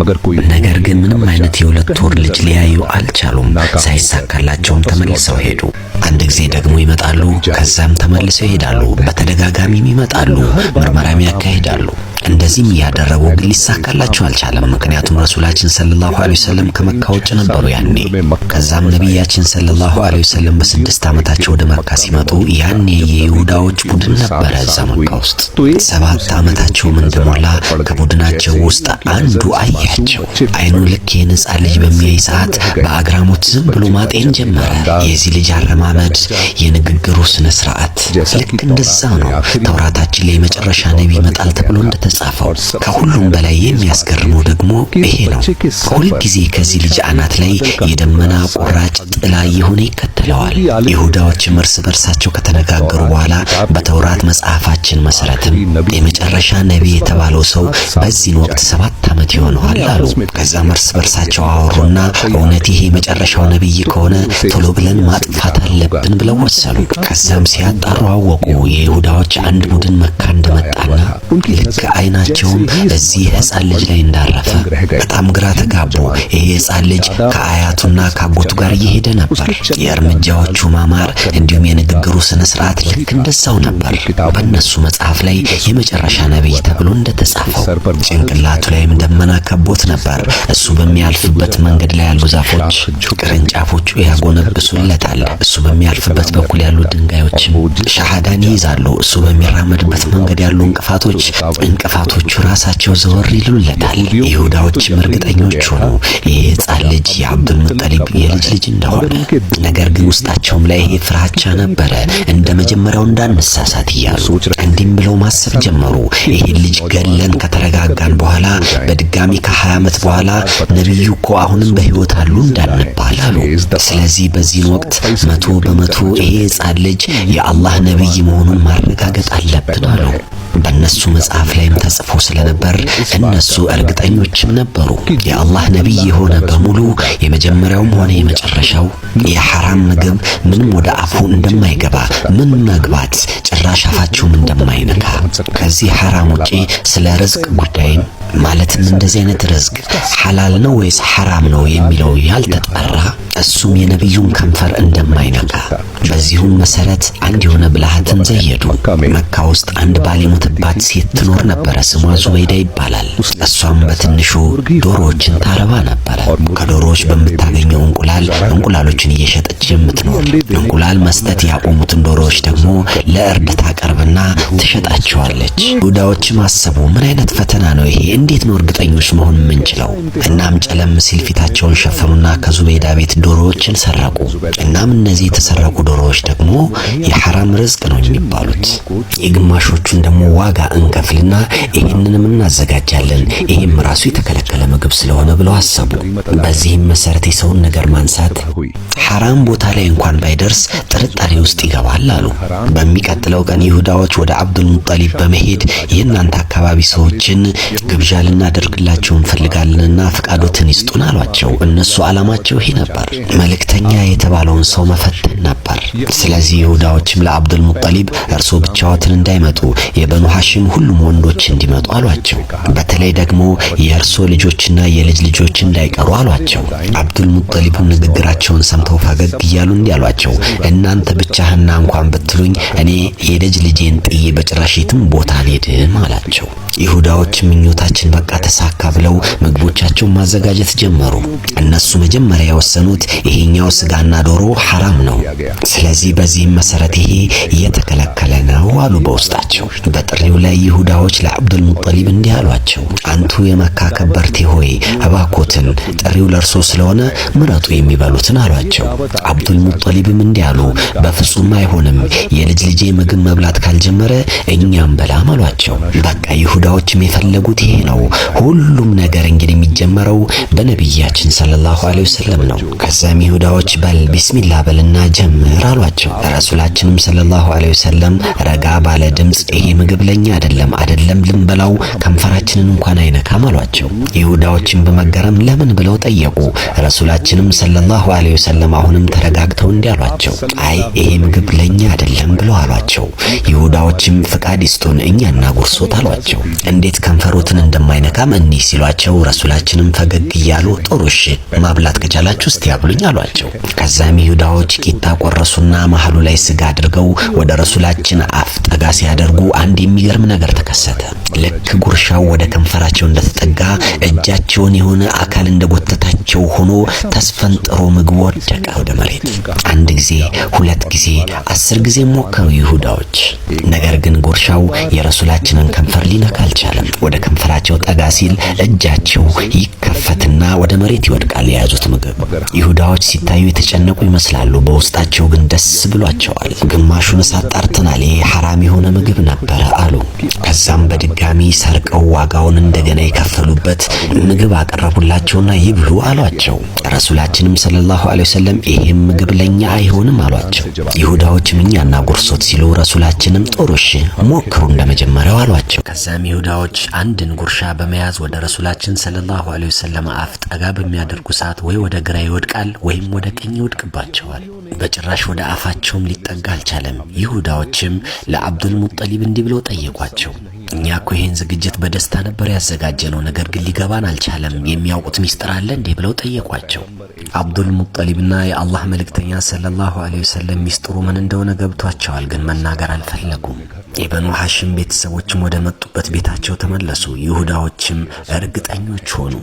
ነገር ግን ምንም አይነት የሁለት ወር ልጅ ሊያዩ አልቻሉም። ሳይሳካላቸውም ተመልሰው ሄዱ። አንድ ጊዜ ደግሞ ይመጣሉ፣ ከዛም ተመልሰው ይሄዳሉ። በተደጋጋሚም ይመጣሉ፣ ምርመራም ያካሂዳሉ። እንደዚህም እያደረጉ ግን ሊሳካላቸው አልቻለም። ምክንያቱም ረሱላችን ሰለላሁ ዐለይሂ ወሰለም ከመካ ውጭ ነበሩ ያኔ። ከዛም ነቢያችን ሰለላሁ ዐለይሂ ወሰለም በስድስት ዓመታቸው ወደ መካ ሲመጡ ያኔ የይሁዳዎች ቡድን ነበረ እዛ መካ ውስጥ። ሰባት ዓመታቸውም እንደሞላ ከቡድናቸው ውስጥ አንዱ አየ አሳያቸው። አይኑን ልክ የነጻ ልጅ በሚያይ ሰዓት በአግራሞት ዝም ብሎ ማጤን ጀመረ። የዚህ ልጅ አረማመድ፣ የንግግሩ ስነ ስርዓት ልክ እንደዛ ነው። ተውራታችን ላይ መጨረሻ ነቢይ ይመጣል ተብሎ እንደተጻፈው። ከሁሉም በላይ የሚያስገርመው ደግሞ ይሄ ነው። ሁልጊዜ ከዚህ ልጅ አናት ላይ የደመና ቁራጭ ጥላ የሆነ ይከተለዋል። ይሁዳዎችም እርስ በርሳቸው ከተነጋገሩ በኋላ በተውራት መጽሐፋችን መሰረትም የመጨረሻ ነቢይ የተባለው ሰው በዚህን ወቅት ሰባት ዓመት ይሆነዋል። ይሆናል አሉ። ከዛም እርስ በርሳቸው አወሩና እውነት ይሄ የመጨረሻው ነቢይ ከሆነ ቶሎ ብለን ማጥፋት አለብን ብለው ወሰኑ። ከዛም ሲያጣሩ አወቁ የይሁዳዎች አንድ ቡድን መካ እንደመጣና ልክ አይናቸውም እዚህ ህፃን ልጅ ላይ እንዳረፈ በጣም ግራ ተጋቡ። ይሄ ህፃን ልጅ ከአያቱና ከአጎቱ ጋር እየሄደ ነበር። የእርምጃዎቹ ማማር እንዲሁም የንግግሩ ስነ ስርዓት ልክ እንደዛው ነበር። በእነሱ መጽሐፍ ላይ የመጨረሻ ነቢይ ተብሎ እንደተጻፈው ጭንቅላቱ ላይም ደመና ከባ ከቦት ነበር። እሱ በሚያልፍበት መንገድ ላይ ያሉ ዛፎች ቅርንጫፎቹ ያጎነብሱለታል። እሱ በሚያልፍበት በኩል ያሉ ድንጋዮች ሻሃዳን ይይዛሉ። እሱ በሚራመድበት መንገድ ያሉ እንቅፋቶች እንቅፋቶቹ ራሳቸው ዘወር ይሉለታል። ይሁዳዎችም እርግጠኞች ሆኑ ይህ ሕፃን ልጅ የአብዱልሙጠሊብ የልጅ ልጅ እንደሆነ። ነገር ግን ውስጣቸውም ላይ ይሄ ፍራቻ ነበረ፣ እንደ መጀመሪያው እንዳንሳሳት እያሉ እንዲህም ብለው ማሰብ ጀመሩ። ይህን ልጅ ገለን ከተረጋጋን በኋላ በድጋሚ ከሀያ ዓመት በኋላ ነቢዩ እኮ አሁንም በህይወት አሉ እንዳንባል አሉ። ስለዚህ በዚህን ወቅት መቶ በመቶ ይሄ ሕፃን ልጅ የአላህ ነቢይ መሆኑን ማረጋገጥ አለብን አሉ። በእነሱ መጽሐፍ ላይም ተጽፎ ስለነበር እነሱ እርግጠኞችም ነበሩ። የአላህ ነቢይ የሆነ በሙሉ የመጀመሪያውም ሆነ የመጨረሻው የሐራም ምግብ ምንም ወደ አፉ እንደማይገባ ምን መግባት ጭራሽ አፋቸውም እንደማይነካ ከዚህ ሐራም ውጪ ስለ ርዝቅ ጉዳይም ማለትም እንደዚህ አይነት ርዝቅ ሐላል ነው ወይስ ሐራም ነው የሚለው ያልተጠራ እሱም የነቢዩን ከንፈር እንደማይነካ። በዚሁም መሰረት አንድ የሆነ ብልሃትን ዘየዱ። መካ ውስጥ አንድ ባል የሞተባት ሴት ትኖር ነበረ። ስሟ ዙበይዳ ይባላል። እሷም በትንሹ ዶሮዎችን ታረባ ነበረ። ከዶሮዎች በምታገኘው እንቁላል እንቁላሎችን እየሸጠች የምትኖር እንቁላል መስጠት ያቆሙትን ዶሮዎች ደግሞ ለእርድ ታቀርብና ትሸጣቸዋለች። ይሁዳዎችም አሰቡ፣ ምን አይነት ፈተና ነው ይሄ? እንዴት ነው እርግጠኞች መሆን የምንችለው? እናም ጨለም ሲል ፊታቸውን ሸፈኑና ከዙቤይዳ ቤት ዶሮዎችን ሰረቁ። እናም እነዚህ የተሰረቁ ዶሮዎች ደግሞ የሐራም ርዝቅ ነው የሚባሉት። የግማሾቹን ደግሞ ዋጋ እንከፍልና ይህንንም እናዘጋጃለን፣ ይህም ራሱ የተከለከለ ምግብ ስለሆነ ብለው አሰቡ። በዚህም መሰረት የሰውን ነገር ማንሳት ሐራም ቦታ ላይ እንኳን ባይደርስ ጥርጣሬ ውስጥ ይገባል አሉ። በሚቀጥለው ቀን ይሁዳዎች ወደ አብዱል ሙጠሊብ በመሄድ የእናንተ አካባቢ ሰዎችን ግብዣ ልናደርግላቸው እንፈልጋለንና ፍቃዶትን ይስጡን አሏቸው። እነሱ ዓላማቸው ይሄ ነበር፣ መልእክተኛ የተባለውን ሰው መፈተን ነበር። ስለዚህ ይሁዳዎችም ለአብዱል ሙጠሊብ እርሶ ብቻዎትን እንዳይመጡ የበኑ ሐሽም ሁሉም ወንዶች እንዲመጡ አሏቸው። በተለይ ደግሞ የእርሶ ልጆችና የልጅ ልጆች እንዳይቀሩ አሏቸው። አብዱል ሙጠሊብ ንግግራቸውን ሰምተው ፈገግ እያሉ እንዲህ አሏቸው፣ እናንተ ብቻህና እንኳን ብትሉኝ እኔ የልጅ ልጄን ጥዬ በጭራሽ የትም ቦታ አልሄድም አላቸው። ይሁዳዎች ምኞታችን በቃ ተሳካ ብለው ምግቦቻቸውን ማዘጋጀት ጀመሩ። እነሱ መጀመሪያ የወሰኑት ይሄኛው ስጋና ዶሮ ሐራም ነው፣ ስለዚህ በዚህም መሰረት ይሄ የተከለከለ ነው አሉ በውስጣቸው። በጥሪው ላይ ይሁዳዎች ለአብዱል ሙጠሊብ እንዲህ አሏቸው፣ አንቱ የመካ ከበርቴ ሆይ እባኮትን ጥሪው ለእርሶ ስለሆነ ምረጡ የሚበሉትን አሏቸው። አብዱል ሙጠሊብም እንዲህ አሉ፣ በፍጹም አይሆንም፣ የልጅ ልጄ ምግብ መብላት ካልጀመረ እኛም በላም አሏቸው። በቃ ይሁዳዎችም የፈለጉት ይሄ ነው። ሁሉም ነገር እንግዲህ የሚጀመረው በነቢያችን ሰለላሁ ዐለይሂ ወሰለም ነው። ከዛም ይሁዳዎች በል ቢስሚላህ በልና ጀምር አሏቸው። ናቸው። ረሱላችንም ሰለላሁ ዐለይሂ ወሰለም ረጋ ባለ ድምፅ ይሄ ምግብ ለኛ አይደለም አይደለም ልንበላው ከንፈራችንን እንኳን አይነካም አሏቸው። ይሁዳዎችን በመገረም ለምን ብለው ጠየቁ። ረሱላችንም ሰለላሁ ዐለይሂ ወሰለም አሁንም ተረጋግተው እንዲህ አሏቸው፣ አይ ይሄ ምግብ ለኛ አይደለም ብለው አሏቸው። ይሁዳዎችም ፍቃድ ይስጡን እኛ እናጉርሶት አሏቸው። እንዴት ከንፈሮትን እንደማይነካም እኒህ ሲሏቸው ረሱላችንም ፈገግ እያሉ ጥሩ እሺ ማብላት ከቻላችሁ እስቲ ያብሉኝ አሏቸው። ከዛም ይሁዳዎች ቂጣ ቆረሱና በመሃሉ ላይ ስጋ አድርገው ወደ ረሱላችን አፍ ጠጋ ሲያደርጉ አንድ የሚገርም ነገር ተከሰተ። ልክ ጉርሻው ወደ ከንፈራቸው እንደተጠጋ እጃቸውን የሆነ አካል እንደጎተታቸው ሆኖ ተስፈንጥሮ ምግብ ወደቀ ወደ መሬት። አንድ ጊዜ፣ ሁለት ጊዜ፣ አስር ጊዜ ሞከሩ ይሁዳዎች። ነገር ግን ጉርሻው የረሱላችንን ከንፈር ሊነካ አልቻለም። ወደ ከንፈራቸው ጠጋ ሲል እጃቸው ይከፈትና ወደ መሬት ይወድቃል የያዙት ምግብ። ይሁዳዎች ሲታዩ የተጨነቁ ይመስላሉ። በውስጣቸው ግን ደስ ብሏቸዋል። ግማሹን ሳጣርተናል፣ ይሄ ሐራም የሆነ ምግብ ነበረ አሉ። ከዛም በድጋሚ ሰርቀው ዋጋውን እንደገና የከፈሉበት ምግብ አቀረቡላቸውና ይብሉ አሏቸው። ረሱላችንም ሰለላሁ ዐለይሂ ወሰለም ይሄም ምግብ ለኛ አይሆንም አሏቸው። ይሁዳዎችም እኛና ጉርሶት ሲሉ ረሱላችንም ጦር እሺ ሞክሩ እንደመጀመሪያው አሏቸው። ከዛም ይሁዳዎች አንድን ጉርሻ በመያዝ ወደ ረሱላችን ሰለላሁ ዐለይሂ ወሰለም አፍ ጠጋ በሚያደርጉ ሰዓት ወይ ወደ ግራ ይወድቃል ወይም ወደ ቀኝ ይወድቅባቸዋል። በጭራሽ ወደ አፋ ማናቸውም ሊጠጋ አልቻለም። ይሁዳዎችም ሙጠሊብ እንዲህ ብለው ጠየቋቸው እኛ እኮ ይህን ዝግጅት በደስታ ነበር ያዘጋጀነው፣ ነገር ግን ሊገባን አልቻለም። የሚያውቁት ሚስጥር አለ እንዴ ብለው ጠየቋቸው። አብዱል ሙጠሊብና የአላህ መልእክተኛ ሰለላሁ ዐለይሂ ወሰለም ሚስጥሩ ምን እንደሆነ ገብቷቸዋል፣ ግን መናገር አልፈለጉም። የበኑ ሐሽም ቤተሰቦችም ወደ መጡበት ቤታቸው ተመለሱ። ይሁዳዎችም እርግጠኞች ሆኑ።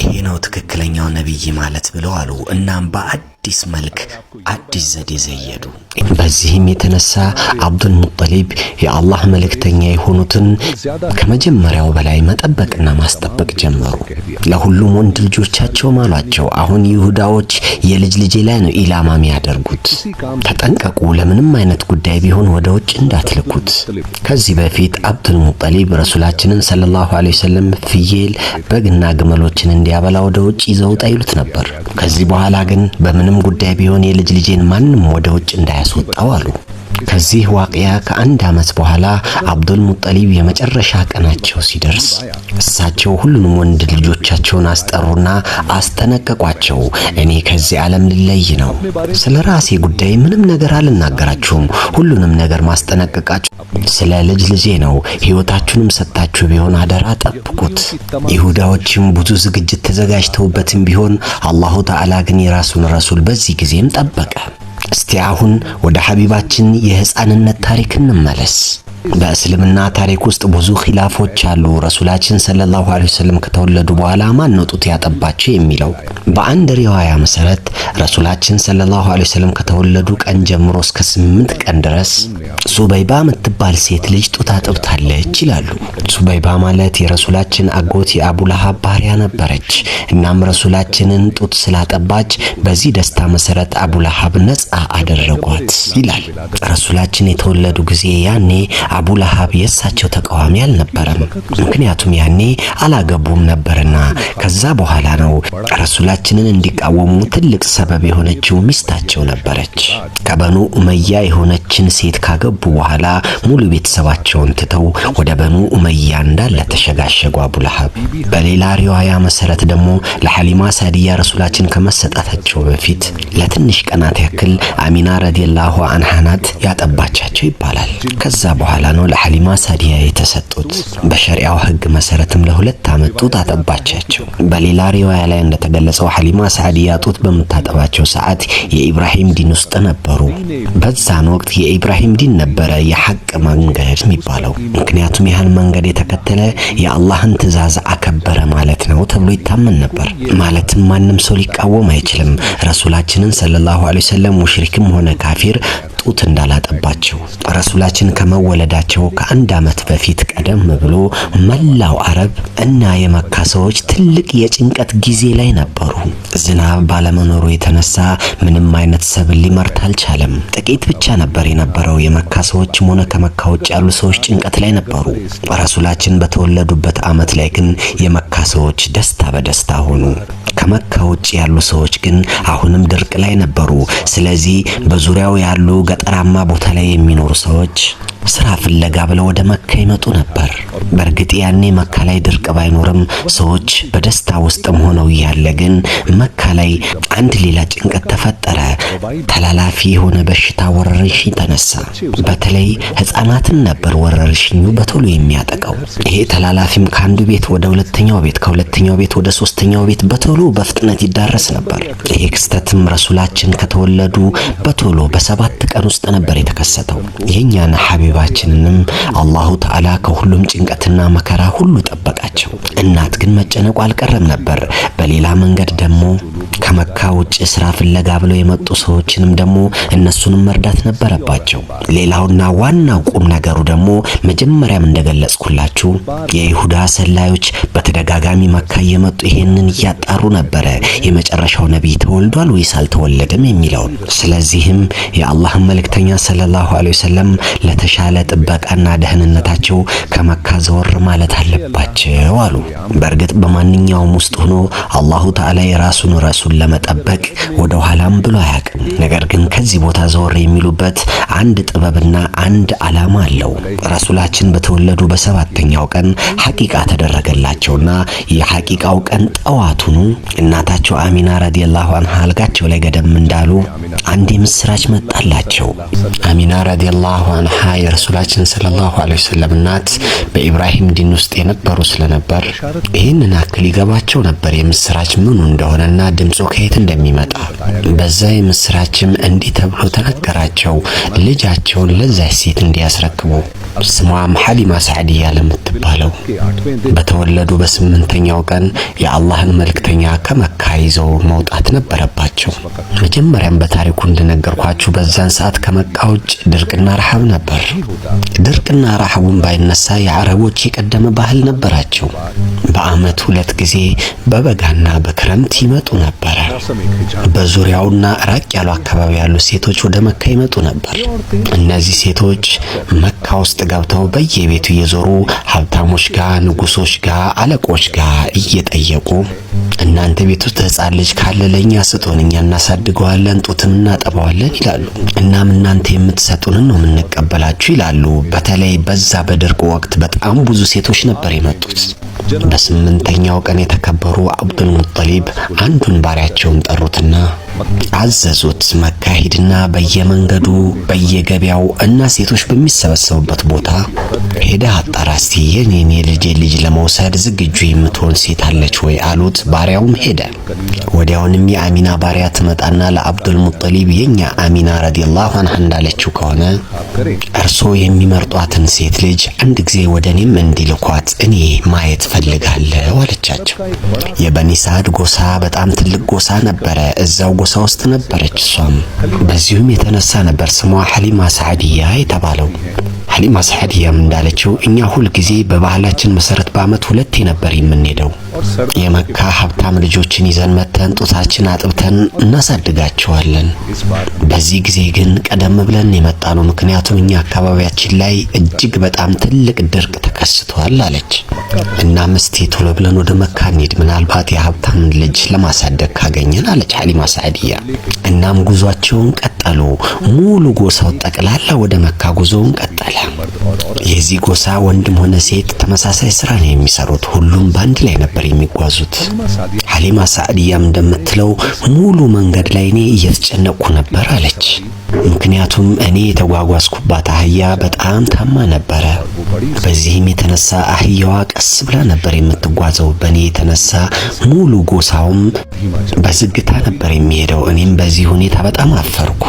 ይሄ ነው ትክክለኛው ነቢይ ማለት ብለው አሉ። እናም በአድ አዲስ መልክ፣ አዲስ ዘዴ ዘየዱ። በዚህም የተነሳ አብዱል ሙጠሊብ የአላህ መልእክተኛ የሆኑትን ከመጀመሪያው በላይ መጠበቅና ማስጠበቅ ጀመሩ። ለሁሉም ወንድ ልጆቻቸው ማሏቸው አሁን ይሁዳዎች የልጅ ልጄ ላይ ነው ኢላማ የሚያደርጉት፣ ተጠንቀቁ። ለምንም አይነት ጉዳይ ቢሆን ወደ ውጭ እንዳትልኩት። ከዚህ በፊት አብዱል ሙጠሊብ ረሱላችንን ሰለላሁ ዐለይሂ ወሰለም ፍየል፣ በግና ግመሎችን እንዲያበላ ወደ ውጭ ይዘውጣ ይሉት ነበር። ከዚህ በኋላ ግን በምንም ጉዳይ ቢሆን የልጅ ልጄን ማንም ወደ ውጭ እንዳያስወጣው አሉ። ከዚህ ዋቅያ ከአንድ ዓመት በኋላ አብዱል ሙጠሊብ የመጨረሻ ቀናቸው ሲደርስ እሳቸው ሁሉንም ወንድ ልጆቻቸውን አስጠሩና አስጠነቀቋቸው። እኔ ከዚህ ዓለም ልለይ ነው። ስለ ራሴ ጉዳይ ምንም ነገር አልናገራችሁም። ሁሉንም ነገር ማስጠነቀቃችሁ ስለ ልጅ ልጄ ነው። ሕይወታችሁንም ሰጥታችሁ ቢሆን አደራ ጠብቁት። ይሁዳዎችም ብዙ ዝግጅት ተዘጋጅተውበትም ቢሆን አላሁ ተዓላ ግን የራሱን ረሱል በዚህ ጊዜም ጠበቀ። እስቲ አሁን ወደ ሐቢባችን የሕፃንነት ታሪክ እንመለስ። በእስልምና ታሪክ ውስጥ ብዙ ኺላፎች አሉ። ረሱላችን ሰለላሁ ዐለይሂ ወሰለም ከተወለዱ በኋላ ማን ነው ጡት ያጠባቸው የሚለው? በአንድ ሪዋያ መሰረት ረሱላችን ሰለላሁ ዐለይሂ ወሰለም ከተወለዱ ቀን ጀምሮ እስከ ስምንት ቀን ድረስ ሱበይባ የምትባል ሴት ልጅ ጡት አጥብታለች ይላሉ። ሱበይባ ማለት የረሱላችን አጎት የአቡላሃብ ባሪያ ነበረች። እናም ረሱላችንን ጡት ስላጠባች በዚህ ደስታ መሰረት አቡላሃብ ነጻ አደረጓት ይላል። ረሱላችን የተወለዱ ጊዜ ያኔ አቡ የእሳቸው ተቃዋሚ አልነበረም። ምክንያቱም ያኔ አላገቡም ነበርና። ከዛ በኋላ ነው ረሱላችንን እንዲቃወሙ ትልቅ ሰበብ የሆነችው ሚስታቸው ነበረች። ከበኑ ኡመያ የሆነችን ሴት ካገቡ በኋላ ሙሉ ቤተሰባቸውን ትተው ወደ በኑ ኡመያ እንዳለ ተሸጋሸጉ አቡ ለሀብ። በሌላ ሪዋያ መሰረት ደግሞ ለሐሊማ ሳዲያ ረሱላችን ከመሰጣታቸው በፊት ለትንሽ ቀናት ያክል አሚና ረዲየላሁ አንሃ ናት ያጠባቻቸው ይባላል። ከዛ በኋላ በኋላ ነው ለሐሊማ ሳዲያ የተሰጡት። በሸሪያው ህግ መሰረትም ለሁለት ዓመት ጡት አጠባቻቸው። በሌላ ሪዋያ ላይ እንደተገለጸው ሐሊማ ሳዲያ ጡት በምታጠባቸው ሰዓት የኢብራሂም ዲን ውስጥ ነበሩ። በዛን ወቅት የኢብራሂም ዲን ነበረ የሐቅ መንገድ የሚባለው። ምክንያቱም ያህን መንገድ የተከተለ የአላህን ትእዛዝ አከበረ ማለት ነው ተብሎ ይታመን ነበር። ማለትም ማንም ሰው ሊቃወም አይችልም። ረሱላችንን ሰለላሁ ዐለይሂ ወሰለም ሙሽሪክም ሆነ ካፊር ጡት እንዳላጠባቸው ረሱላችን ከመወለዳቸው ከአንድ ዓመት በፊት ቀደም ብሎ መላው አረብ እና የመካ ሰዎች ትልቅ የጭንቀት ጊዜ ላይ ነበሩ። ዝናብ ባለመኖሩ የተነሳ ምንም አይነት ሰብል ሊመርት አልቻለም። ጥቂት ብቻ ነበር የነበረው። የመካ ሰዎችም ሆነ ከመካ ውጭ ያሉ ሰዎች ጭንቀት ላይ ነበሩ። ረሱላችን በተወለዱበት ዓመት ላይ ግን የመካ ሰዎች ደስታ በደስታ ሆኑ። ከመካ ውጭ ያሉ ሰዎች ግን አሁንም ድርቅ ላይ ነበሩ። ስለዚህ በዙሪያው ያሉ ገጠራማ ቦታ ላይ የሚኖሩ ሰዎች ስራ ፍለጋ ብለው ወደ መካ ይመጡ ነበር። በእርግጥ ያኔ መካ ላይ ድርቅ ባይኖርም ሰዎች በደስታ ውስጥም ሆነው እያለ ግን መካ ላይ አንድ ሌላ ጭንቀት ተፈጠረ። ተላላፊ የሆነ በሽታ ወረርሽኝ ተነሳ። በተለይ ህጻናትን ነበር ወረርሽኙ በቶሎ የሚያጠቀው። ይሄ ተላላፊም ከአንዱ ቤት ወደ ሁለተኛው ቤት፣ ከሁለተኛው ቤት ወደ ሶስተኛው ቤት በቶሎ በፍጥነት ይዳረስ ነበር። ይሄ ክስተትም ረሱላችን ከተወለዱ በቶሎ በሰባት ቀን ውስጥ ነበር የተከሰተው። የእኛን ሀቢብ ቤተሰባችንንም አላሁ ተዓላ ከሁሉም ጭንቀትና መከራ ሁሉ ጠበቃቸው። እናት ግን መጨነቁ አልቀረም ነበር። በሌላ መንገድ ደግሞ ከመካ ውጭ ስራ ፍለጋ ብለው የመጡ ሰዎችንም ደግሞ እነሱንም መርዳት ነበረባቸው። ሌላውና ዋናው ቁም ነገሩ ደግሞ መጀመሪያም እንደገለጽኩላችሁ የይሁዳ ሰላዮች በተደጋጋሚ መካ እየመጡ ይሄንን እያጣሩ ነበረ፣ የመጨረሻው ነቢይ ተወልዷል ወይስ አልተወለደም የሚለውን። ስለዚህም የአላህን መልእክተኛ ሰለላሁ ዐለይሂ ወሰለም ለተሻ የተሻለ ጥበቃና ደህንነታቸው ከመካ ዘወር ማለት አለባቸው አሉ። በእርግጥ በማንኛውም ውስጥ ሆኖ አላሁ ተዓላ የራሱን ረሱል ለመጠበቅ ወደ ኋላም ብሎ አያውቅም። ነገር ግን ከዚህ ቦታ ዘወር የሚሉበት አንድ ጥበብና አንድ ዓላማ አለው። ረሱላችን በተወለዱ በሰባተኛው ቀን ሐቂቃ ተደረገላቸውና የሐቂቃው ቀን ጠዋቱኑ እናታቸው አሚና ረዲየላሁ አንሃ አልጋቸው ላይ ገደም እንዳሉ አንድ የምስራች መጣላቸው። አሚና ረዲየላሁ አንሃ የረሱላችን ሰለላሁ ዐለይሂ ወሰለም እናት በኢብራሂም ዲን ውስጥ የነበሩ ስለነበር ይህንን አክል ይገባቸው ነበር የምስራች ምኑ እንደሆነና ድምፁ ከየት እንደሚመጣ። በዛ የምስራችም እንዲህ ተብሎ ተነገራቸው ልጃቸውን ለዛች ሴት እንዲያስረክቡ ስሟም ሐሊማ ሳዕድያ ለምትባለው በተወለዱ በስምንተኛው ቀን የአላህን መልክተኛ ከመካ ይዘው መውጣት ነበረባቸው። መጀመሪያም በታሪኩ እንደነገርኳችሁ በዛን ሰዓት ከመካ ውጭ ድርቅና ረሃብ ነበር። ድርቅና ረሃቡን ባይነሳ የአረቦች የቀደመ ባህል ነበራቸው። በዓመት ሁለት ጊዜ በበጋና በክረምት ይመጡ ነበረ። በዙሪያውና ራቅ ያሉ አካባቢ ያሉ ሴቶች ወደ መካ ይመጡ ነበር። እነዚህ ሴቶች መካ ውስጥ ገብተው በየቤቱ እየዞሩ ሀብታሞች ጋር፣ ንጉሶች ጋር፣ አለቆች ጋር እየጠየቁ እናንተ ቤት ውስጥ ህፃን ልጅ ካለ ለእኛ ስጡን፣ እኛ እናሳድገዋለን፣ ጡትም እናጠባዋለን ይላሉ። እናም እናንተ የምትሰጡንን ነው የምንቀበላችሁ ሴቶቹ ይላሉ። በተለይ በዛ በድርቁ ወቅት በጣም ብዙ ሴቶች ነበር የመጡት። በስምንተኛው ቀን የተከበሩ አብዱል ሙጠሊብ አንዱን ባሪያቸውን ጠሩትና አዘዙት። መካሄድና በየመንገዱ በየገበያው እና ሴቶች በሚሰበሰቡበት ቦታ ሄደ አጣራስቲ እስቲ የኔን የልጄ ልጅ ለመውሰድ ዝግጁ የምትሆን ሴት አለች ወይ አሉት። ባሪያውም ሄደ። ወዲያውንም የአሚና ባሪያ ትመጣና ለአብዱል ሙጠሊብ የኛ አሚና ረዲየላሁ አንሃ እንዳለችው ከሆነ እርሶ የሚመርጧትን ሴት ልጅ አንድ ጊዜ ወደ እኔም እንዲልኳት እኔ ማየት ፈልጋለሁ አለቻቸው። የበኒ ሳድ ጎሳ በጣም ትልቅ ጎሳ ነበረ። እዛው ጎሳ ውስጥ ነበረች። እሷም በዚሁም የተነሳ ነበር ስሟ ሐሊማ ሳዕድያ የተባለው። ሐሊማ ሰዕዲያም እንዳለችው እኛ ሁል ጊዜ በባህላችን መሰረት በአመት ሁለቴ ነበር የምንሄደው። የመካ ሀብታም ልጆችን ይዘን መተን ጡታችን አጥብተን እናሳድጋቸዋለን። በዚህ ጊዜ ግን ቀደም ብለን የመጣ ነው፣ ምክንያቱም እኛ አካባቢያችን ላይ እጅግ በጣም ትልቅ ድርቅ ተከስቷል አለች። እና እስቲ ቶሎ ብለን ወደ መካ እንሂድ፣ ምናልባት የሀብታም ልጅ ለማሳደግ ካገኘን አለች ሐሊማ ሰዕዲያ። እናም ጉዟቸውን ቀጠሉ። ሙሉ ጎሳው ጠቅላላ ወደ መካ ጉዞውን ቀጠለ። የዚህ ጎሳ ወንድም ሆነ ሴት ተመሳሳይ ስራ ነው የሚሰሩት። ሁሉም በአንድ ላይ ነበር የሚጓዙት። ሀሊማ ሳዕድያም እንደምትለው ሙሉ መንገድ ላይ እኔ እየተጨነቅኩ ነበር አለች። ምክንያቱም እኔ የተጓጓዝኩባት አህያ በጣም ታማ ነበረ። በዚህም የተነሳ አህያዋ ቀስ ብላ ነበር የምትጓዘው። በእኔ የተነሳ ሙሉ ጎሳውም በዝግታ ነበር የሚሄደው። እኔም በዚህ ሁኔታ በጣም አፈርኩ።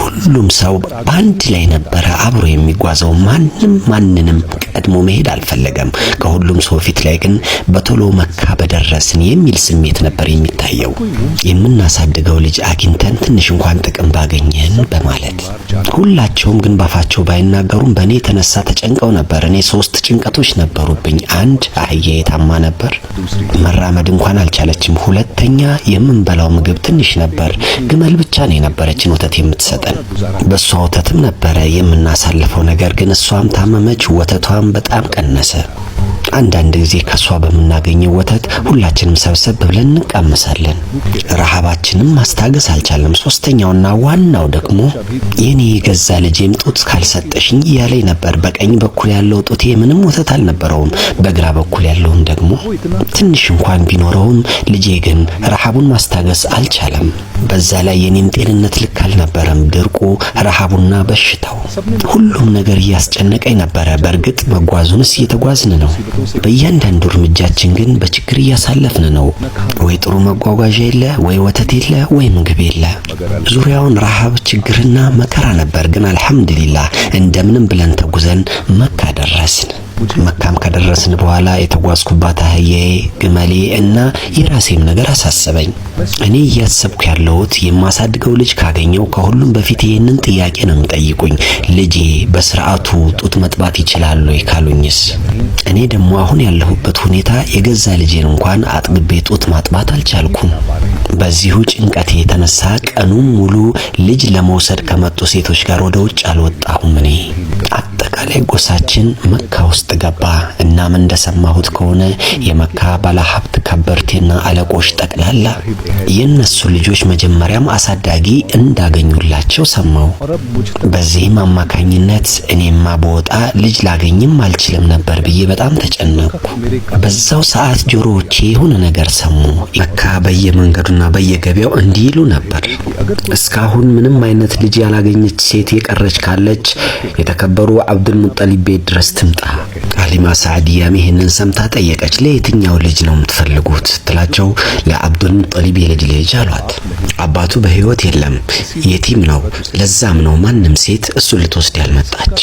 ሁሉም ሰው በአንድ ላይ ነበረ አብሮ የሚጓዘው። ማንም ማንንም ቀድሞ መሄድ አልፈለገም። ከሁሉም ሰው ፊት ላይ ግን በቶሎ መካ በደረስን የሚል ስሜት ነበር የሚታየው። የምናሳድገው ልጅ አግኝተን ትንሽ እንኳን ጥቅም ባገኘን በማለት ሁላቸውም ግን ባፋቸው ባይናገሩም በእኔ የተነሳ ተጨንቀ ጨንቀው ነበር። እኔ ሶስት ጭንቀቶች ነበሩብኝ። አንድ አህዬ የታማ ነበር፣ መራመድ እንኳን አልቻለችም። ሁለተኛ የምንበላው ምግብ ትንሽ ነበር። ግመል ብቻ ነው የነበረችን ወተት የምትሰጠን። በእሷ ወተትም ነበረ የምናሳልፈው ነገር ግን እሷም ታመመች፣ ወተቷም በጣም ቀነሰ። አንዳንድ ጊዜ ከሷ በምናገኘው ወተት ሁላችንም ሰብሰብ ብለን እንቃመሳለን። ረሃባችንም ማስታገስ አልቻለም። ሶስተኛውና ዋናው ደግሞ የኔ የገዛ ልጄም ጡት ካልሰጠሽኝ እያለኝ ነበር። በቀኝ በኩል ያለው ጡቴ ምንም ወተት አልነበረውም። በግራ በኩል ያለውን ደግሞ ትንሽ እንኳን ቢኖረውም ልጄ ግን ረሃቡን ማስታገስ አልቻለም። በዛ ላይ የኔም ጤንነት ልክ አልነበረም። ድርቁ፣ ረሃቡና በሽታው ሁሉም ነገር እያስጨነቀኝ ነበረ። በእርግጥ መጓዙንስ እየተጓዝን ነው። በእያንዳንዱ እርምጃችን ግን በችግር እያሳለፍን ነው። ወይ ጥሩ መጓጓዣ የለ፣ ወይ ወተት የለ፣ ወይ ምግብ የለ። ዙሪያውን ረሃብ፣ ችግርና መከራ ነበር። ግን አልሐምዱሊላህ እንደምንም ብለን ተጉዘን መካ ደረስን። መካም ከደረስን በኋላ የተጓዝኩባት አህዬ፣ ግመሌ እና የራሴም ነገር አሳሰበኝ። እኔ እያሰብኩ ያለሁት የማሳድገው ልጅ ካገኘው ከሁሉም በፊት ይህንን ጥያቄ ነው የሚጠይቁኝ፣ ልጄ በስርዓቱ ጡት መጥባት ይችላሉ ወይ ካሉኝስ? እኔ ደግሞ አሁን ያለሁበት ሁኔታ የገዛ ልጄን እንኳን አጥግቤ ጡት ማጥባት አልቻልኩም። በዚሁ ጭንቀቴ የተነሳ ቀኑን ሙሉ ልጅ ለመውሰድ ከመጡ ሴቶች ጋር ወደ ውጭ አልወጣሁም። እኔ አጠቃላይ ጎሳችን መካ ውስጥ ውስጥ ገባ። እናም እንደሰማሁት ከሆነ የመካ ባለሀብት ከበርቴና አለቆች ጠቅላላ የእነሱ ልጆች መጀመሪያም አሳዳጊ እንዳገኙላቸው ሰማው። በዚህም አማካኝነት እኔማ በወጣ ልጅ ላገኝም አልችልም ነበር ብዬ በጣም ተጨነቅኩ። በዛው ሰዓት ጆሮዎቼ የሆነ ነገር ሰሙ። መካ በየመንገዱና በየገበያው እንዲህ ይሉ ነበር፣ እስካሁን ምንም አይነት ልጅ ያላገኘች ሴት የቀረች ካለች የተከበሩ አብዱል ሙጠሊብ ቤት ድረስ ትምጣ። አሊማ ሳዕዲያም ይህንን ሰምታ ጠየቀች። ለየትኛው ልጅ ነው የምትፈልጉት ስትላቸው ለአብዱልሙጠሊብ የልጅ ልጅ አሏት። አባቱ በህይወት የለም፣ የቲም ነው። ለዛም ነው ማንም ሴት እሱ ልትወስድ ያልመጣች።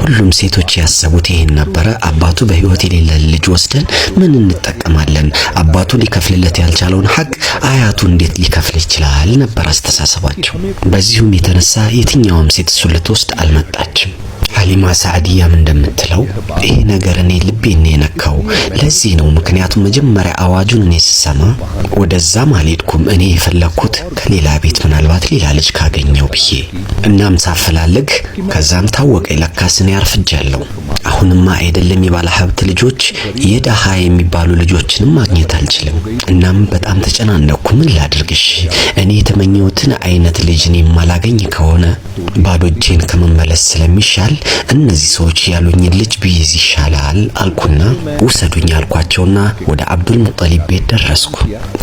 ሁሉም ሴቶች ያሰቡት ይህን ነበረ። አባቱ በህይወት የሌለ ልጅ ወስደን ምን እንጠቀማለን? አባቱ ሊከፍልለት ያልቻለውን ሀቅ አያቱ እንዴት ሊከፍል ይችላል? ነበር አስተሳሰባቸው። በዚሁም የተነሳ የትኛውም ሴት እሱ ልትወስድ አልመጣችም። ሀሊማ ሳዕድያም እንደምትለው ይሄ ነገር እኔ ልቤን የነካው ለዚህ ነው። ምክንያቱም መጀመሪያ አዋጁን እኔ ስሰማ ወደዛም አልሄድኩም። እኔ የፈለግኩት ከሌላ ቤት ምናልባት ሌላ ልጅ ካገኘው ብዬ። እናም ሳፈላልግ ከዛም ታወቀ ለካስ እኔ አርፍጃለሁ። አሁንማ አይደለም የባለ ሀብት ልጆች የደሃ የሚባሉ ልጆችንም ማግኘት አልችልም። እናም በጣም ተጨናነኩ። ምን ላድርግሽ? እኔ የተመኘሁትን አይነት ልጅን የማላገኝ ከሆነ ባዶ እጄን ከመመለስ ስለሚሻል እነዚህ ሰዎች ያሉኝ ልጅ ብይዝ ይሻላል አልኩና ውሰዱኝ አልኳቸውና ወደ አብዱል ሙጠሊብ ቤት ደረስኩ።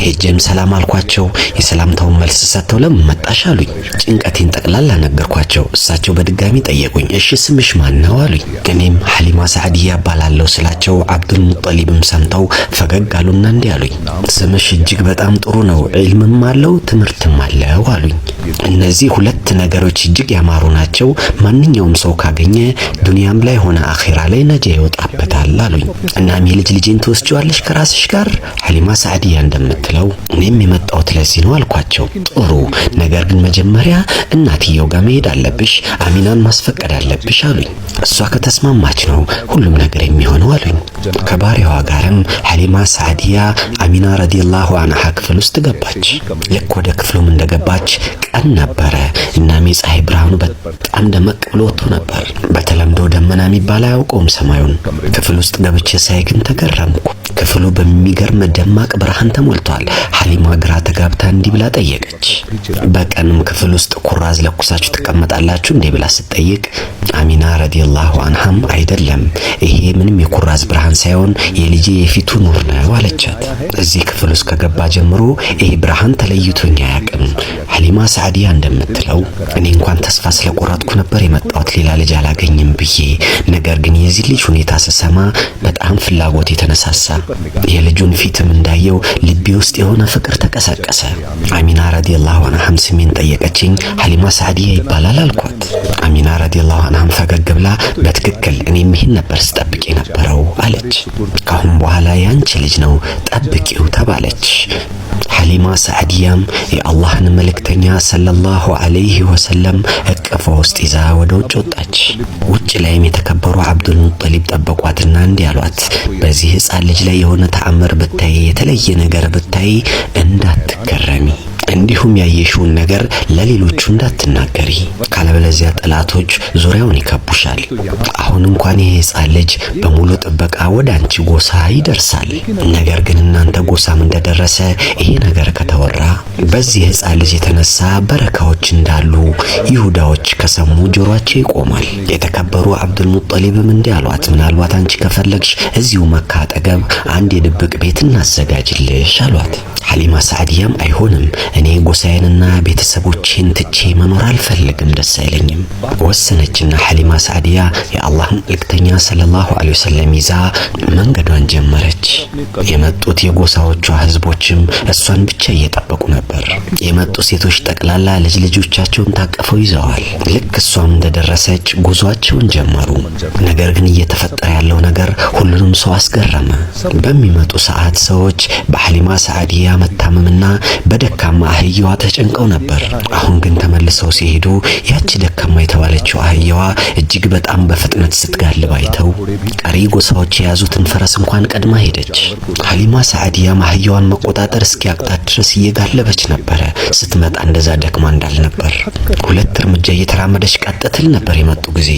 ሄጀም ሰላም አልኳቸው። የሰላምታውን መልስ ሰጥተው ለመጣሽ አሉኝ። ጭንቀቴን ጠቅላላ ነገርኳቸው። እሳቸው በድጋሚ ጠየቁኝ። እሺ ስምሽ ማን ነው አሉኝ። እኔም ሐሊማ ሳዕድያ እባላለሁ ስላቸው አብዱልሙጠሊብም ሰምተው ፈገግ አሉና እንዲህ አሉኝ፣ ስምሽ እጅግ በጣም ጥሩ ነው፣ ዒልምም አለው ትምህርትም አለው አሉኝ። እነዚህ ሁለት ነገሮች እጅግ ያማሩ ናቸው። ማንኛውም ሰው ካገኘ ዱንያም ላይ ሆነ አኼራ ላይ ነጃ ይወጣበታል አሉኝ። እናም የልጅ ልጄን ትወስጂዋለሽ ከራስሽ ጋር ሐሊማ ሳዕዲያ እንደምትለው እኔም የመጣሁት ለዚህ ነው አልኳቸው። ጥሩ ነገር ግን መጀመሪያ እናትየው ጋር መሄድ አለብሽ፣ አሚናን ማስፈቀድ አለብሽ አሉኝ። እሷ ከተስማማች ነው ሁሉም ነገር የሚሆነው አሉኝ። ከባሪያዋ ጋርም ሐሊማ ሳዕዲያ አሚና ረዲየላሁ አንሃ ክፍል ውስጥ ገባች። ልክ ወደ ክፍሉም እንደገባች ቀን ነበረ። እናም የፀሐይ ብርሃኑ በጣም ደመቅ ብሎ ወጥቶ ነበር። በተለምዶ ደመና የሚባል አያውቀውም ሰማዩን። ክፍል ውስጥ ገብቼ ሳይ ግን ተገረምኩ። ክፍሉ በሚገርም ደማቅ ብርሃን ተሞልቷል። ሀሊማ ግራ ተጋብታ እንዲህ ብላ ጠየቀች። በቀንም ክፍል ውስጥ ኩራዝ ለኩሳችሁ ትቀመጣላችሁ እንዴ ብላ ስትጠይቅ አሚና ረዲየላሁ አንሃም አይደለም፣ ይሄ ምንም የኩራዝ ብርሃን ሳይሆን የልጄ የፊቱ ኑር ነው አለቻት። እዚህ ክፍል ውስጥ ከገባ ጀምሮ ይሄ ብርሃን ተለይቶኝ አያውቅም። ሀሊማ ሳዕዲያ እንደምትለው እኔ እንኳን ተስፋ ስለቆረጥኩ ነበር የመጣሁት ሌላ ልጅ አላገኝም ብዬ። ነገር ግን የዚህ ልጅ ሁኔታ ስሰማ በጣም ፍላጎት የተነሳሳ የልጁን ፊትም እንዳየው ልቤ ውስጥ የሆነ ፍቅር ተቀሰቀሰ። አሚና ረዲየላሁ አንሃ ስሜን ጠየቀችኝ። ሀሊማ ሳዕዲያ ይባላል አልኩ። አሚና ረዲየላሁ አንሃም ፈገግ ብላ በትክክል እኔም ይህን ነበር ስጠብቅ የነበረው አለች። ካሁን በኋላ ያንቺ ልጅ ነው ጠብቂው ተባለች። ሐሊማ ሰዓዲያም የአላህን መልእክተኛ ሰለላሁ ዐለይሂ ወሰለም እቅፏ ውስጥ ይዛ ወደ ውጭ ወጣች። ውጭ ላይም የተከበሩ አብዱል ሙጠሊብ ጠበቋትና እንዲህ አሏት፣ በዚህ ህፃን ልጅ ላይ የሆነ ተአምር ብታይ፣ የተለየ ነገር ብታይ እንዳትገረሚ እንዲሁም ያየሽውን ነገር ለሌሎቹ እንዳትናገሪ፣ ካለበለዚያ ጠላቶች ዙሪያውን ይከቡሻል። አሁን እንኳን ይህ ህፃን ልጅ በሙሉ ጥበቃ ወደ አንቺ ጎሳ ይደርሳል። ነገር ግን እናንተ ጎሳም እንደደረሰ ይሄ ነገር ከተወራ በዚህ ህፃን ልጅ የተነሳ በረካዎች እንዳሉ ይሁዳዎች ከሰሙ ጆሯቸው ይቆማል። የተከበሩ አብዱልሙጠሊብም እንዲህ አሏት፣ ምናልባት አንቺ ከፈለግሽ እዚሁ መካ አጠገብ አንድ የድብቅ ቤት እናዘጋጅልሽ አሏት። ሀሊማ ሳዕዲያም አይሆንም እኔ ጎሳዬንና ቤተሰቦቼን ትቼ መኖር አልፈልግም፣ ደስ አይለኝም ወሰነችና ሐሊማ ሳዕዲያ የአላህ መልእክተኛ ሰለላሁ ዐለይሂ ወሰለም ይዛ መንገዷን ጀመረች። የመጡት የጎሳዎቿ ህዝቦችም እሷን ብቻ እየጠበቁ ነበር። የመጡ ሴቶች ጠቅላላ ልጅ ልጆቻቸውን ታቅፈው ይዘዋል። ልክ እሷም እንደደረሰች ጉዟቸውን ጀመሩ። ነገር ግን እየተፈጠረ ያለው ነገር ሁሉንም ሰው አስገረመ። በሚመጡ ሰዓት ሰዎች በሐሊማ ሳዕዲያ መታመምና በደካማ አህያዋ ተጨንቀው ነበር። አሁን ግን ተመልሰው ሲሄዱ ያቺ ደካማ የተባለ የነበረችው አህያዋ እጅግ በጣም በፍጥነት ስትጋልብ አይተው ቀሪ ጎሳዎች የያዙትን ፈረስ እንኳን ቀድማ ሄደች። ሀሊማ ሳዕዲያም አህያዋን መቆጣጠር እስኪያቅታት ድረስ እየጋለበች ነበረ። ስትመጣ እንደዛ ደክማ እንዳልነበር ሁለት እርምጃ እየተራመደች ቀጥ ትል ነበር የመጡ ጊዜ።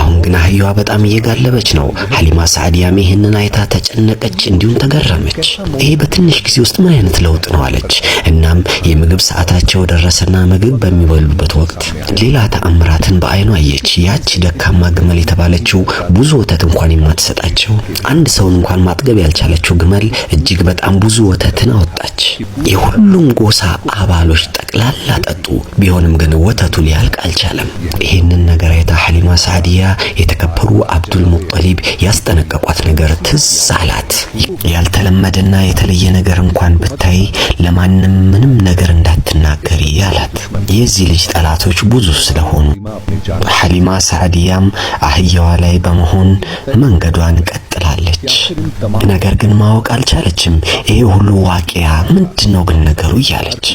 አሁን ግን አህያዋ በጣም እየጋለበች ነው። ሀሊማ ሳዕዲያም ይህንን አይታ ተጨነቀች፣ እንዲሁም ተገረመች። ይሄ በትንሽ ጊዜ ውስጥ ምን አይነት ለውጥ ነው አለች። እናም የምግብ ሰዓታቸው ደረሰና ምግብ በሚበሉበት ወቅት ሌላ ተአምራትን በአይ በአይኗ አየች። ያች ደካማ ግመል የተባለችው ብዙ ወተት እንኳን የማትሰጣቸው አንድ ሰውን እንኳን ማጥገብ ያልቻለችው ግመል እጅግ በጣም ብዙ ወተትን አወጣች። የሁሉም ጎሳ አባሎች ጠቅላላ ጠጡ። ቢሆንም ግን ወተቱ ሊያልቅ አልቻለም። ይህንን ነገር አይታ ሐሊማ ሳዕዲያ የተከበሩ አብዱል ሙጠሊብ ያስጠነቀቋት ነገር ትዝ አላት። ያልተለመደና የተለየ ነገር እንኳን ብታይ ለማንም ምንም ነገር እንዳትናገሪ አላት። የዚህ ልጅ ጠላቶች ብዙ ስለሆኑ ሐሊማ ሳዕዲያም አህያዋ ላይ በመሆን መንገዷን ቀጥላለች። ነገር ግን ማወቅ አልቻለችም። ይሄ ሁሉ ዋቂያ ምንድን ነው ግን ነገሩ እያለች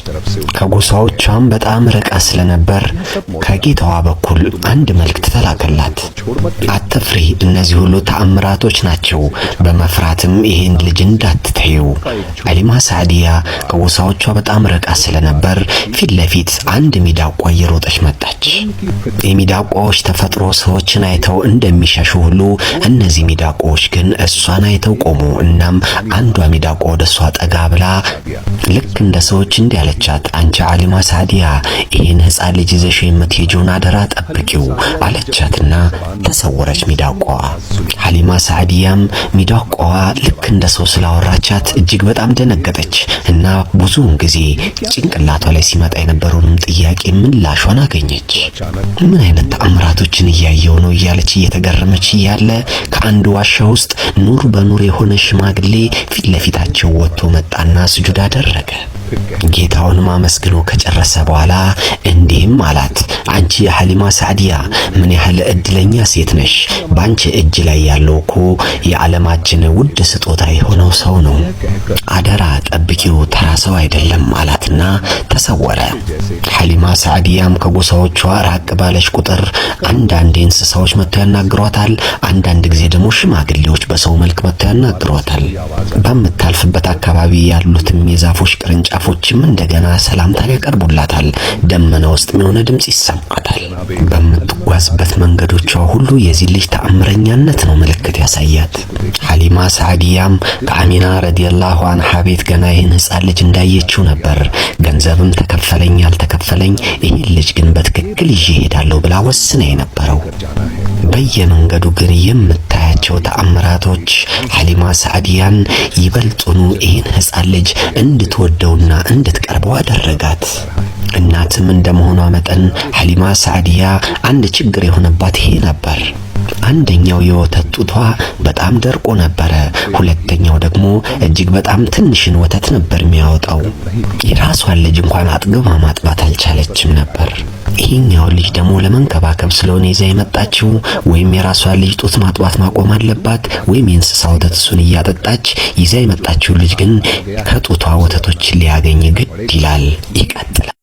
ከጎሳዎቿም በጣም ርቃ ስለነበር ከጌታዋ በኩል አንድ መልእክት ተላከላት። አትፍሪ፣ እነዚህ ሁሉ ተአምራቶች ናቸው። በመፍራትም ይሄን ልጅ እንዳትተዩ። ሐሊማ ሳዕዲያ ከጎሳዎቿ በጣም ርቃ ስለነበር ፊት ለፊት አንድ ሚዳቋ እየሮጠች መጣች። ሚዳቆዎች ተፈጥሮ ሰዎችን አይተው እንደሚሸሹ ሁሉ እነዚህ ሚዳቆዎች ግን እሷን አይተው ቆሙ። እናም አንዷ ሚዳቆ ወደ እሷ ጠጋ ብላ ልክ እንደ ሰዎች እንዲያለቻት አንቺ አሊማ ሳዲያ ይህን ህፃን ልጅ ይዘሽ የምትሄጂውን አደራ ጠብቂው አለቻትና ተሰወረች ሚዳቋ። ሀሊማ ሳዲያም ሚዳቋዋ ልክ እንደ ሰው ስላወራቻት እጅግ በጣም ደነገጠች እና ብዙውን ጊዜ ጭንቅላቷ ላይ ሲመጣ የነበረውንም ጥያቄ ምላሿን አገኘች። ምን አይነት ተአምራቶችን እያየው ነው እያለች እየተገረመች እያለ ከአንድ ዋሻ ውስጥ ኑር በኑር የሆነ ሽማግሌ ፊት ለፊታቸው ወጥቶ መጣና ስጁድ አደረገ። ጌታውን ማመስግኖ ከጨረሰ በኋላ እንዲህም አላት፣ አንቺ የሐሊማ ሳዕዲያ ምን ያህል እድለኛ ሴት ነሽ! በአንቺ እጅ ላይ ያለው እኮ የዓለማችን ውድ ስጦታ የሆነው ሰው ነው። አደራ ጠብቂው፣ ተራ ሰው አይደለም አላትና ተሰወረ። ሐሊማ ሳዕዲያም ከጎሳዎቿ ራቅ ባለች ቁጥር አንዳንዴ እንስሳዎች መጥተው ያናግሯታል፣ አንዳንድ ጊዜ ደግሞ ሽማግሌዎች በሰው መልክ መጥተው ያናግሯታል። በምታልፍበት አካባቢ ያሉትም የዛፎች ቅርንጫ ዛፎችም እንደገና ሰላምታ ያቀርቡላታል። ደመና ውስጥ የሆነ ድምጽ ይሰማታል። በምትጓዝበት መንገዶቿ ሁሉ የዚህ ልጅ ተአምረኛነት ነው ምልክት ያሳያት። ሐሊማ ሳዕዲያም ከአሚና ረዲየላሁ አንሃ ቤት ገና ይህን ህፃን ልጅ እንዳየችው ነበር። ገንዘብም ተከፈለኝ ያልተከፈለኝ ይህን ልጅ ግን በትክክል ይዤ እሄዳለሁ ብላ ወስና የነበረው በየመንገዱ ግን የምታ በሰራቻቸው ተአምራቶች ሀሊማ ሳዕዲያን ይበልጡኑ ይህን ህፃን ልጅ እንድትወደውና እንድትቀርበው አደረጋት። እናትም እንደመሆኗ መጠን ሀሊማ ሳዕዲያ አንድ ችግር የሆነባት ይሄ ነበር። አንደኛው የወተት ጡቷ በጣም ደርቆ ነበረ። ሁለተኛው ደግሞ እጅግ በጣም ትንሽን ወተት ነበር የሚያወጣው። የራሷን ልጅ እንኳን አጥግባ ማጥባት አልቻለችም ነበር። ይህኛው ልጅ ደግሞ ለመንከባከብ ስለሆነ ይዛ የመጣችው ወይም የራሷን ልጅ ጡት ማጥባት ማቆም አለባት፣ ወይም የእንስሳ ወተት እሱን እያጠጣች ይዛ የመጣችው ልጅ ግን ከጡቷ ወተቶችን ሊያገኝ ግድ ይላል። ይቀጥላል።